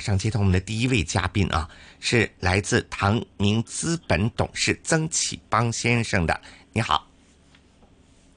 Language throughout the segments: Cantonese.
上期通我們的第一位嘉賓啊，是來自唐明資本董事曾啟邦先生的。你好。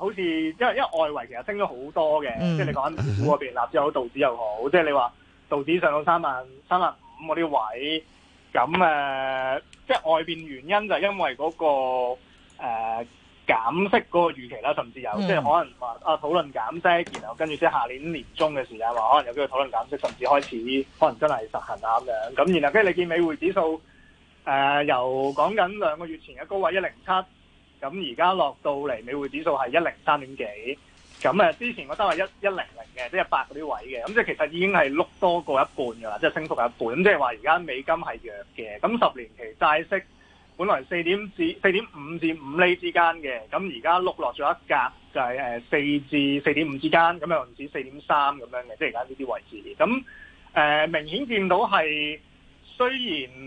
好似因為因為外圍其實升咗、嗯、好多嘅，即係你講緊股嗰邊納指又好，道指又好，即係你話道指上到三萬三萬五嗰啲位，咁即係外邊原因就因為嗰、那個誒、呃、減息嗰個預期啦，甚至有、嗯、即係可能話啊討論減息，然後跟住先下年年中嘅時間話可能有機會討論減息，甚至開始可能真係實行啊咁樣，咁然後跟住你見美匯指數誒、呃、由講緊兩個月前嘅高位一零七。咁而家落到嚟，美匯指數係一零三點幾，咁之前我都係一一零零嘅，即係八嗰啲位嘅，咁即係其實已經係碌多過一半噶啦，即係升幅一半。咁即係話而家美金係弱嘅，咁十年期債息本來四點至四點五至五厘之間嘅，咁而家碌落咗一格，就係誒四至四點五之間，咁又唔止四點三咁樣嘅，即係而家呢啲位置。咁、呃、明顯見到係。雖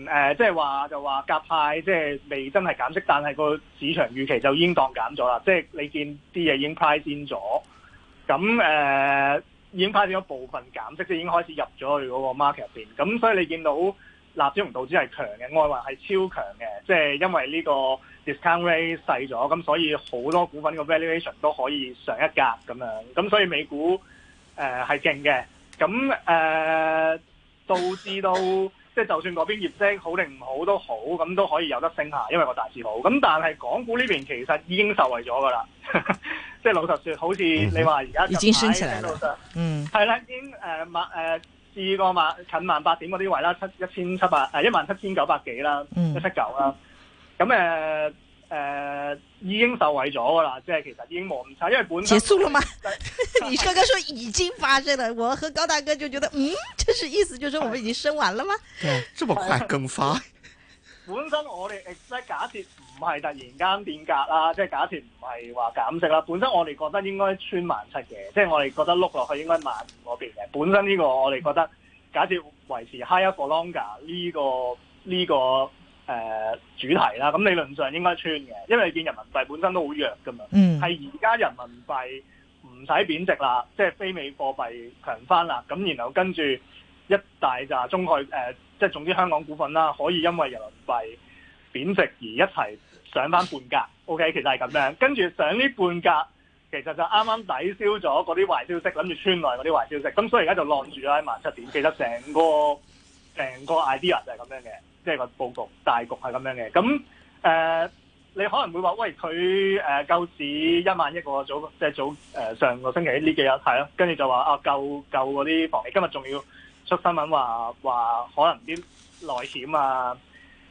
然即係話就話、是、甲派，即係未真係減息，但係個市場預期就已經當減咗啦。即、就、係、是、你見啲嘢已經 price in 咗，咁、呃、已經 price in 咗部分減息，即、就是、已經開始入咗去嗰個 market 入邊。咁所以你見到納指同道指係強嘅，外圍係超強嘅，即、就、係、是、因為呢個 discount rate 細咗，咁所以好多股份個 valuation 都可以上一格咁樣。咁所以美股誒係勁嘅，咁誒導致到。 即係就算嗰邊業績好定唔好都好，咁都可以有得升下，因為我大市好。咁但係港股呢邊其實已經受惠咗㗎啦。即係、就是、老實説，好似你話而家已經升起來啦。嗯，係啦，嗯、已經誒萬誒試過萬近萬八點嗰啲位啦，七一千七百誒一萬七千九百幾啦，一七九啦。咁誒、嗯。嗯誒、呃，已經受惠咗噶啦，即係其實已經冇咁差，因為本身結束了嗎？ 你剛說已經發生了， 我和高大哥就覺得，嗯，就是意思就是我們已經升完了嗎、呃？這麼快更翻 。本身我哋假設唔係突然間變格啦，即係假設唔係話減息啦。本身我哋覺得應該穿萬七嘅，即係我哋覺得碌落去應該萬五嗰邊嘅。本身呢個我哋覺得假設維持 higher for longer 呢個呢個。這個誒、呃、主題啦，咁、嗯、理論上應該穿嘅，因為你見人民幣本身都好弱噶嘛，係而家人民幣唔使貶值啦，即係非美貨幣強翻啦，咁然後跟住一大紮中概、呃、即係總之香港股份啦，可以因為人民幣貶值而一齊上翻半價。OK，其實係咁樣，跟住上呢半價，其實就啱啱抵消咗嗰啲壞消息，諗住穿內嗰啲壞消息，咁、嗯、所以而家就晾住咗喺萬七點。其實成個成個 idea 就係咁樣嘅。即係個佈局大局係咁樣嘅，咁誒、呃、你可能會話：喂，佢誒救市一萬一個早，即係早誒、呃、上個星期呢幾日係咯，跟住就話啊救救嗰啲房，你今日仲要出新聞話話可能啲內險啊誒、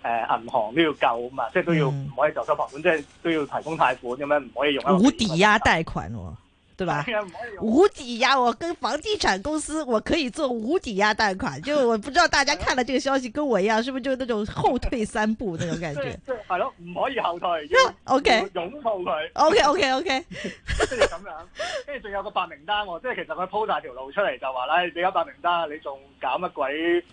呃、銀行要救都要救嘛，即係都要唔可以就收房款，嗯、即係都要提供貸款咁樣，唔可以用。無抵押、啊、貸款對吧？哎、可以無抵押，我跟房地產公司我可以做無抵押貸款。就我不知道大家看了這個消息，跟我一樣，是不是就那種後退三步那種感覺？即係咯，唔、就是、可以後退。O K，擁抱佢。O K O K O K，即係咁樣。跟住仲有個白名單、哦，即係其實佢鋪大條路出嚟就話咧、哎，你有白名單，你仲搞乜鬼誒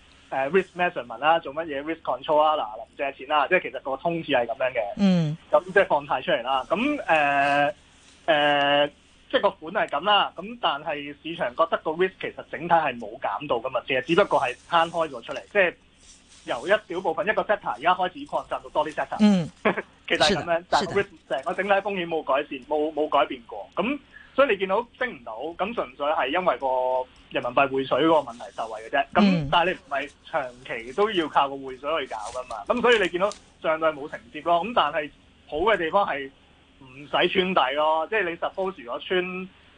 ？Risk measurement 啦，做乜嘢 risk control 啊、呃？嗱，借錢啦，即係其實個通知係咁樣嘅。嗯。咁即係放貸出嚟啦。咁誒誒。呃呃即係個款係咁啦，咁但係市場覺得個 risk 其實整體係冇減到㗎嘛，只係只不過係攤開咗出嚟，即係由一小部分一個 sector 而家開始擴散到多啲 sector 嗯，其實係咁樣，但係 risk 成個整體風險冇改善，冇冇改變過。咁所以你見到升唔到，咁純粹係因為個人民幣匯水嗰個問題受惠嘅啫。咁、嗯、但係你唔係長期都要靠個匯水去搞㗎嘛？咁所以你見到上落冇承接咯。咁但係好嘅地方係。唔使穿底咯，即係你 suppose 如果穿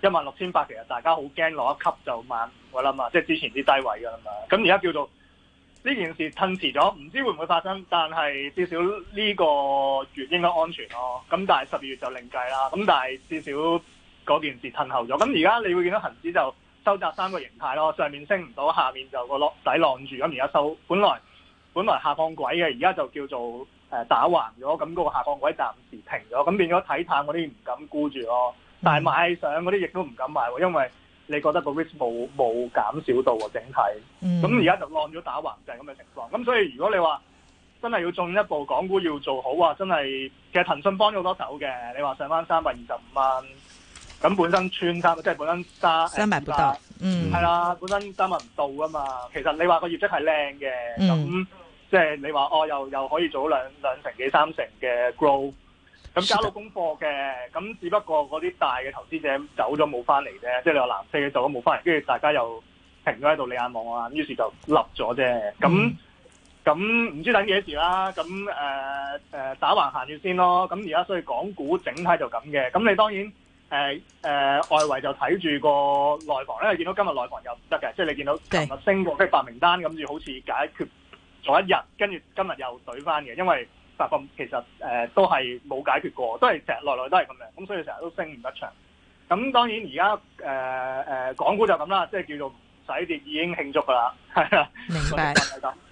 一萬六千八，其實大家好驚落一級就萬五啦嘛，即係之前啲低位㗎啦嘛。咁而家叫做呢件事褪遲咗，唔知會唔會發生，但係至少呢個月應該安全咯。咁但係十二月就另計啦。咁但係至少嗰件事褪後咗。咁而家你會見到恒指就收窄三個形態咯，上面升唔到，下面就個底落底攔住。咁而家收本來本來下放軌嘅，而家就叫做。誒打橫咗，咁、那、嗰個下降位暫時停咗，咁變咗睇淡嗰啲唔敢沽住咯。嗯、但係買上嗰啲亦都唔敢買，因為你覺得個 risk 冇冇減少到喎，整體。咁而家就按咗打橫就係咁嘅情況。咁所以如果你話真係要進一步，港股要做好啊，真係其實騰訊幫咗好多手嘅。你話上翻三百二十五蚊，咁本身穿衫，即係本身沙三,三百多多，嗯，係啦，本身三百唔到啊嘛。其實你話個業績係靚嘅，咁、嗯。即係你話哦，又又可以做兩,兩成幾三成嘅 grow，咁加到功課嘅，咁的只不過嗰啲大嘅投資者走咗冇翻嚟啫，即係你話藍色走咗冇翻嚟，跟住大家又停咗喺度你眼望我啊，於是就立咗啫。咁咁唔知等幾時啦。咁、呃呃、打橫行住先咯。咁而家所以港股整體就咁嘅。咁你當然、呃呃、外圍就睇住個內房咧，因為見到今日內房又唔得嘅，即係你見到琴日升嘅發名單，咁住好似解決。做一日，跟住今日又懟翻嘅，因為發覺其實誒、呃、都係冇解決過，都係成日來來都係咁樣的，咁所以成日都升唔得場。咁當然而家誒誒，港股就咁啦，即係叫做唔使跌已經慶祝㗎啦，明白。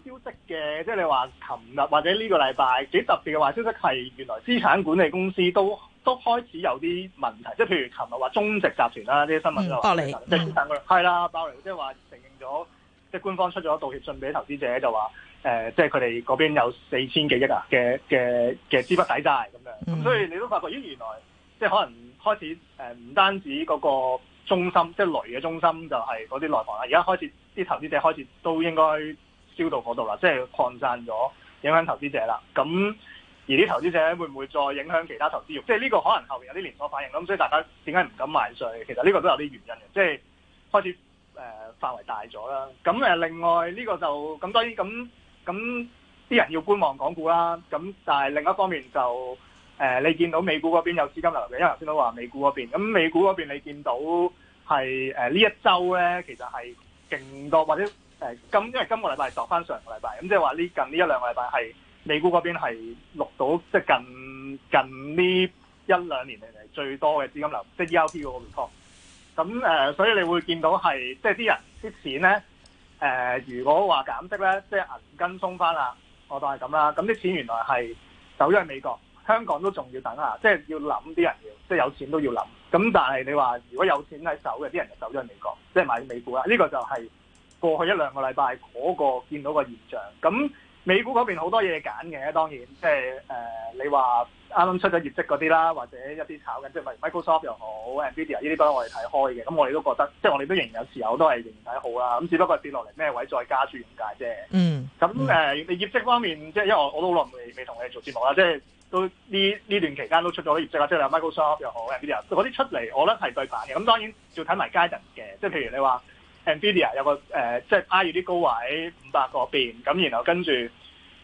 消息嘅，即係你話琴日或者呢個禮拜幾特別嘅話消息係，原來資產管理公司都都開始有啲問題，即係譬如琴日話中植集團啦，呢啲新聞就話，即係資產管理係啦，包嚟即係話承認咗，即係官方出咗道歉信俾投資者就話誒，即係佢哋嗰邊有四千幾億啊嘅嘅嘅資不抵債咁樣，咁所以你都發覺咦，原來即係可能開始誒唔單止嗰個中心，即係雷嘅中心就係嗰啲內房啦，而家開始啲投資者開始都應該。飆到度啦，即係擴散咗，影響投資者啦。咁而啲投資者會唔會再影響其他投資業？即係呢個可能後邊有啲連鎖反應啦。咁所以大家點解唔敢賣瑞？其實呢個都有啲原因嘅，即係開始誒、呃、範圍大咗啦。咁誒、呃、另外呢、呢個就咁多然咁咁啲人要觀望港股啦。咁但係另一方面就誒、呃、你見到美股嗰邊有資金流入嘅，因為頭先都話美股嗰邊。咁美股嗰邊你見到係誒、呃、呢一周咧，其實係勁多或者。誒，因為今個禮拜係度翻上個禮拜，咁即係話呢近呢一兩個禮拜係美股嗰邊係錄到，即係近近呢一兩年嚟最多嘅資金流，即係 ERP 嗰個唔錯。咁誒，所以你會見到係即係啲人啲錢咧，誒、呃，如果話減息咧，即係銀根鬆翻啦，我當係咁啦。咁啲錢原來係走咗去美國，香港都仲要等下，即係要諗啲人要，即係有錢都要諗。咁但係你話如果有錢喺手嘅，啲人就走咗去美國，即係買美股啦。呢個就係。過去一兩個禮拜嗰個見到個現象，咁美股嗰邊好多嘢揀嘅，當然即係誒你話啱啱出咗業績嗰啲啦，或者一啲炒緊，即係例如 Microsoft 又好，Nvidia 呢啲都係我哋睇開嘅，咁我哋都覺得，即係我哋都仍然有時候都係仍然睇好啦，咁只不過跌落嚟咩位再加注咁解啫。嗯，咁你、呃嗯、業績方面，即係因為我，我都好耐未未同你做節目啦，即係都呢呢段期間都出咗業績啦，即係 Microsoft 又好，Nvidia 嗰啲出嚟，我覺得係對版嘅，咁當然要睇埋 guidance 嘅，即係譬如你話。Nvidia 有個誒，即係挨住啲高位五百嗰邊，咁然後跟住誒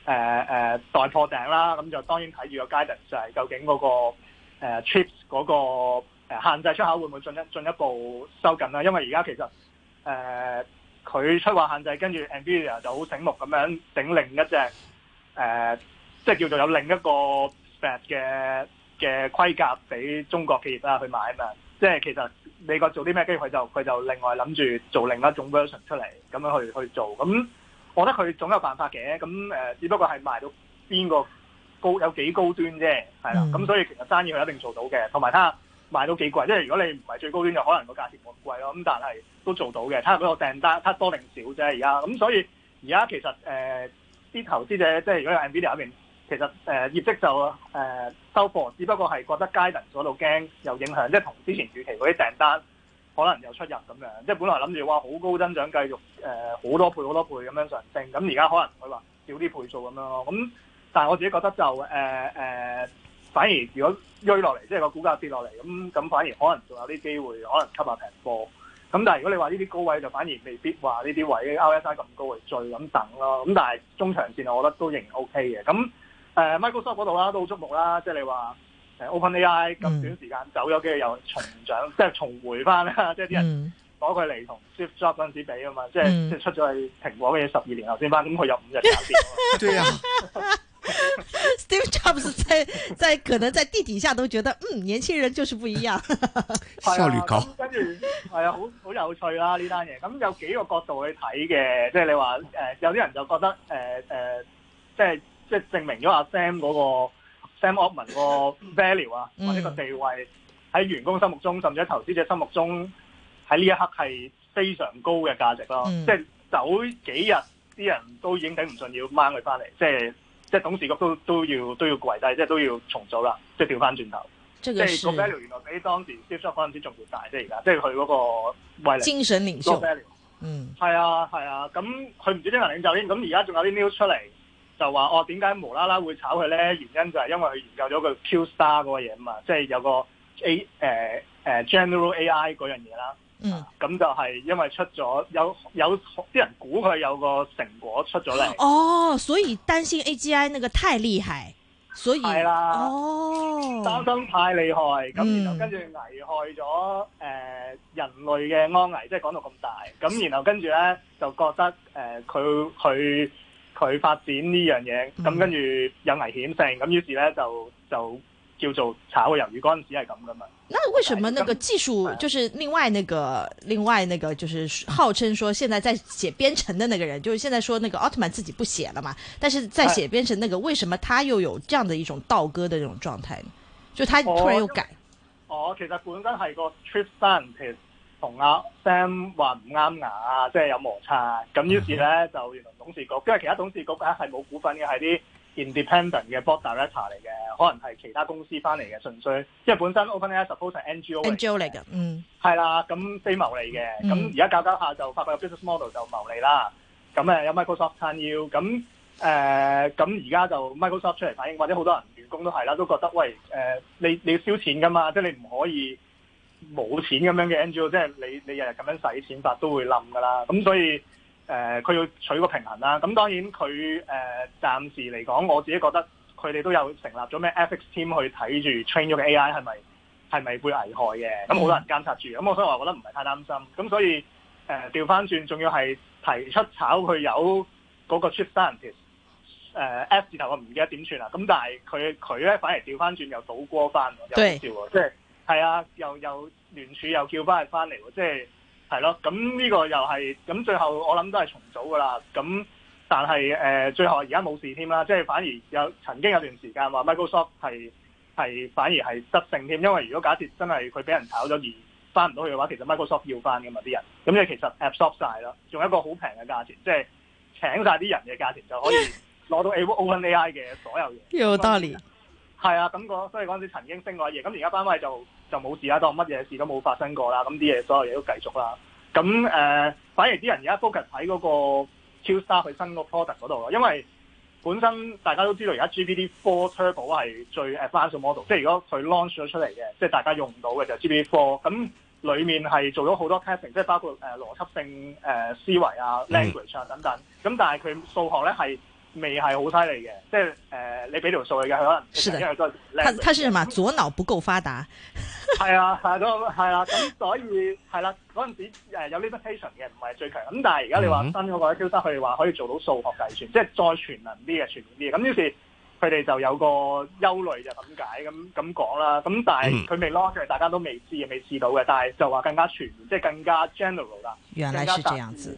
誒代破頂啦，咁就當然睇住個 guidance 就係究竟嗰、嗰個呃、chips 嗰個限制出口會唔會進一步、進一步收緊啦、啊？因為而家其實誒佢、呃、出話限制，跟住 Nvidia 就好醒目咁樣整另一隻誒，即、呃、係、就是、叫做有另一個 spec 嘅嘅規格俾中國企業啦去買啊嘛～即係其實美國做啲咩機會，佢就佢就另外諗住做另一種 version 出嚟，咁樣去去做。咁我覺得佢總有辦法嘅。咁、呃、只不過係賣到邊個高有幾高端啫，係啦。咁、嗯、所以其實生意佢一定做到嘅，同埋睇下賣到幾貴。即係如果你唔係最高端，就可能個價錢冇咁貴咯。咁但係都做到嘅，睇下嗰個訂單睇多定少啫。而家咁所以而家其實誒啲、呃、投資者即係如果有 Nvidia 入面。其實誒、呃、業績就誒、呃、收貨，只不過係覺得階段嗰度驚有影響，即係同之前預期嗰啲訂單可能有出入咁樣。即、就、係、是、本來諗住哇好高增長，繼續誒好、呃、多倍好多倍咁樣上升，咁而家可能會話少啲倍數咁樣咯。咁但係我自己覺得就誒、呃呃、反而如果追落嚟，即係個股價跌落嚟，咁咁反而可能仲有啲機會，可能吸下平貨。咁但係如果你話呢啲高位就反而未必話呢啲位 RSI 咁高係再咁等咯。咁但係中長線我覺得都仍然 OK 嘅。咁誒 Microsoft 嗰度啦，都好觸目啦，即、就、係、是、你話誒 OpenAI 咁短時間走咗，跟住、嗯、又重長，即係重回翻啦，即係啲人攞佢嚟同 Steve Jobs 嗰陣時比啊嘛，即係即係出咗去蘋果嘅嘢，十二年後先翻，咁佢有五日搞掂。Steve Jobs 即在可能在地底下都覺得，嗯，年輕人就是不一樣，跟住係啊，好好、啊、有趣啦呢單嘢。咁有幾個角度去睇嘅，即係你話誒有啲人就覺得誒誒、呃呃，即係。即係證明咗阿 Sam 嗰、那個 Sam Altman 個 value 啊、嗯，或者個地位喺員工心目中，甚至喺投資者心目中，喺呢一刻係非常高嘅價值咯。嗯、即係走幾日，啲人都已經頂唔順，要掹佢翻嚟。即係即係董事局都都要都要跪低，即係都要重組啦。即係調翻轉頭，是即係個 value 原來比當時接收嗰陣時仲要大。即係而家，即係佢嗰個為精神領袖，那 value，嗯，係啊係啊。咁佢唔知點解領袖先，咁而家仲有啲 news 出嚟。就話哦，點解無啦啦會炒佢咧？原因就係因為佢研究咗個 Q Star 嗰個嘢啊嘛，即、就、係、是、有個 A, A、呃呃、General AI 嗰樣嘢啦。嗯，咁、啊、就係因為出咗有有啲人估佢有個成果出咗嚟。哦，所以擔心 AGI 那個太厲害，所以係啦，哦擔心太厲害，咁然後跟住危害咗、呃、人類嘅安危，即係講到咁大，咁然後跟住咧就覺得佢佢。呃佢發展呢樣嘢，咁跟住有危險性，咁、嗯、於是咧就就叫做炒個魷魚，嗰陣時係咁噶嘛。那為什麼那個技術就是另外那個、嗯、另外那個就是號稱說現在在寫編程的那個人，就是現在說那個奧特曼自己不寫了嘛，但是在寫編程那個、嗯、為什麼他又有這樣的一種倒戈的這種狀態呢？就他突然又改。哦，其實本身係個 trip son 其實。同阿 Sam 話唔啱牙啊，即、就、係、是、有摩擦。咁於是咧、mm hmm. 就原來董事局，因為其他董事局咧係冇股份嘅，係啲 independent 嘅 board director 嚟嘅，可能係其他公司翻嚟嘅純粹。因為本身 OpenAI suppose 係 NGO 嚟嘅，嗯，係啦，咁非牟利嘅。咁而家搞搞下就發個 business model 就牟利啦。咁有 Microsoft 撐腰。咁誒咁而家就 Microsoft 出嚟反應，或者好多人員工都係啦，都覺得喂、呃、你你要燒錢噶嘛，即、就是、你唔可以。冇錢咁樣嘅 NGO，即係你你日日咁樣使錢法都會冧噶啦。咁所以誒，佢、呃、要取個平衡啦。咁當然佢誒、呃、暫時嚟講，我自己覺得佢哋都有成立咗咩 ethics team 去睇住 train 咗嘅 AI 係咪係咪會危害嘅。咁好多人監察住。咁所以我想話，我覺得唔係太擔心。咁所以誒調翻轉，仲、呃、要係提出炒佢有嗰個 chief scientist S、呃、字頭我，我唔記得點算啦。咁但係佢佢咧反而調翻轉又倒過翻，又笑即對、即係係啊，又又聯署又叫翻佢翻嚟喎，即係係咯。咁呢、啊、個又係咁最後我諗都係重組㗎啦。咁但係、呃、最後而家冇事添啦，即係反而有曾經有段時間話 Microsoft 係係反而係執性添，因為如果假設真係佢俾人炒咗而翻唔到去嘅話，其實 Microsoft 要翻㗎嘛啲人，咁即係其實 absorb 晒啦，用一個好平嘅價錢，即係請晒啲人嘅價錢就可以攞到 a Open AI 嘅所有嘢。要 多年，係啊，咁講，所以嗰陣時曾經升過嘢，咁而家翻翻就。就冇事啦，當乜嘢事都冇發生過啦，咁啲嘢所有嘢都繼續啦。咁誒、呃，反而啲人而家 focus 喺嗰個 Q star 佢新個 product 嗰度咯，因為本身大家都知道而家 GPT four turbo 係最 advanced model，即係如果佢 launch 咗出嚟嘅，即係大家用唔到嘅就係 GPT four。咁裏面係做咗好多 casting 即係包括誒、呃、邏輯性、呃、思維啊 language 啊、mm. 等等。咁但係佢數學咧係。未係好犀利嘅，即係誒、呃，你俾條數佢嘅，佢可能因為佢叻。佢佢係嘛？左腦唔夠發達，係 啊，係咁，係啊，咁、啊啊、所以係啦，嗰陣、啊、時有 limitation 嘅唔係最強。咁但係而家你話新嗰個 Q3，佢哋話可以做到數學計算，即係再全能啲嘅全面啲嘅。咁於是佢哋就有個憂慮就係咁解咁咁講啦。咁但係佢未 lock 嘅，大家都未知，未試到嘅。但係就話更加全面，即係更加 general 啦。原來係咁樣子。